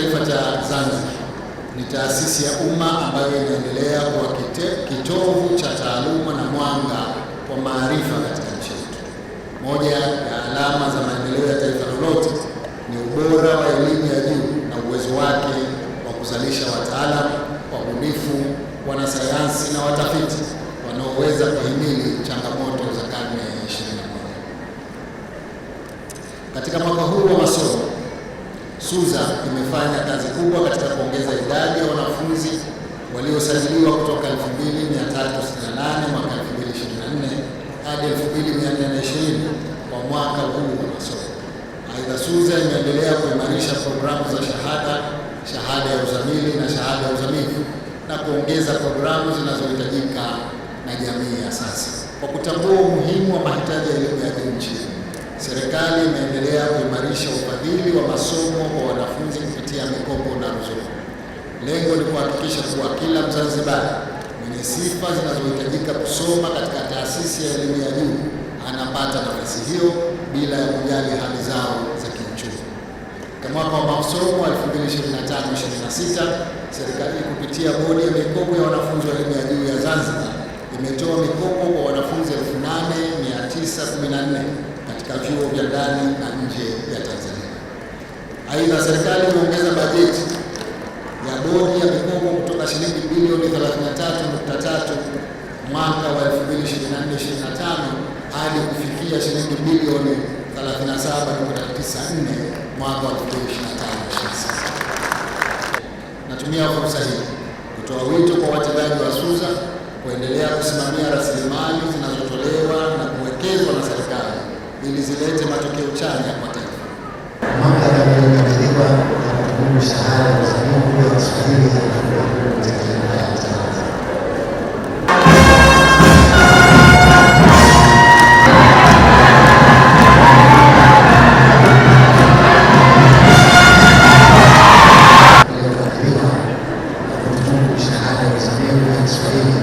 Taifa cha Zanzibar ni taasisi ya umma ambayo inaendelea kuwa kitovu cha taaluma na mwanga wa maarifa katika nchi yetu. Moja ya alama za maendeleo ya taifa lolote ni ubora wa elimu ya juu na uwezo wake wa kuzalisha wataalamu, wabunifu, wanasayansi na watafiti wanaoweza kuhimili changamoto za karne ya 21. Katika mwaka huu SUZA imefanya kazi kubwa katika kuongeza idadi ya wanafunzi waliosajiliwa kutoka 2368 mwaka 2024 hadi 2420 kwa mwaka huu wa masomo. Aidha, SUZA imeendelea kuimarisha programu za shahada, shahada ya uzamili na shahada ya uzamili na kuongeza programu zinazohitajika na jamii ya sasa kwa kutambua umuhimu wa mahitaji ya elimu ya juu nchini serikali imeendelea kuimarisha ufadhili wa masomo kwa wanafunzi kupitia mikopo na ruzuku. Lengo ni kuhakikisha kuwa kila Mzanzibari mwenye sifa zinazohitajika kusoma katika taasisi ya elimu ya juu anapata nafasi hiyo bila ya kujali hali zao za kiuchumi. Katika mwaka wa masomo 2025/2026 serikali kupitia bodi ya mikopo ya wanafunzi wa elimu ya juu ya Zanzibar imetoa mikopo kwa wanafunzi katika vyuo vya ndani na nje ya Tanzania. Aidha, serikali imeongeza bajeti ya bodi ya mikopo kutoka shilingi bilioni 33.3 mwaka wa 2024/2025 hadi kufikia shilingi bilioni 37.94 mwaka wa 2025/2026. Natumia fursa hii kutoa wito kwa watendaji wa SUZA kuendelea kusimamia rasilimali zinazotolewa na kuwekezwa na serikali ili zilete matokeo chanya kwa taifa. Mambo yanayokabidhiwa na Mtukufu mshahara msanii huyo wa Kiswahili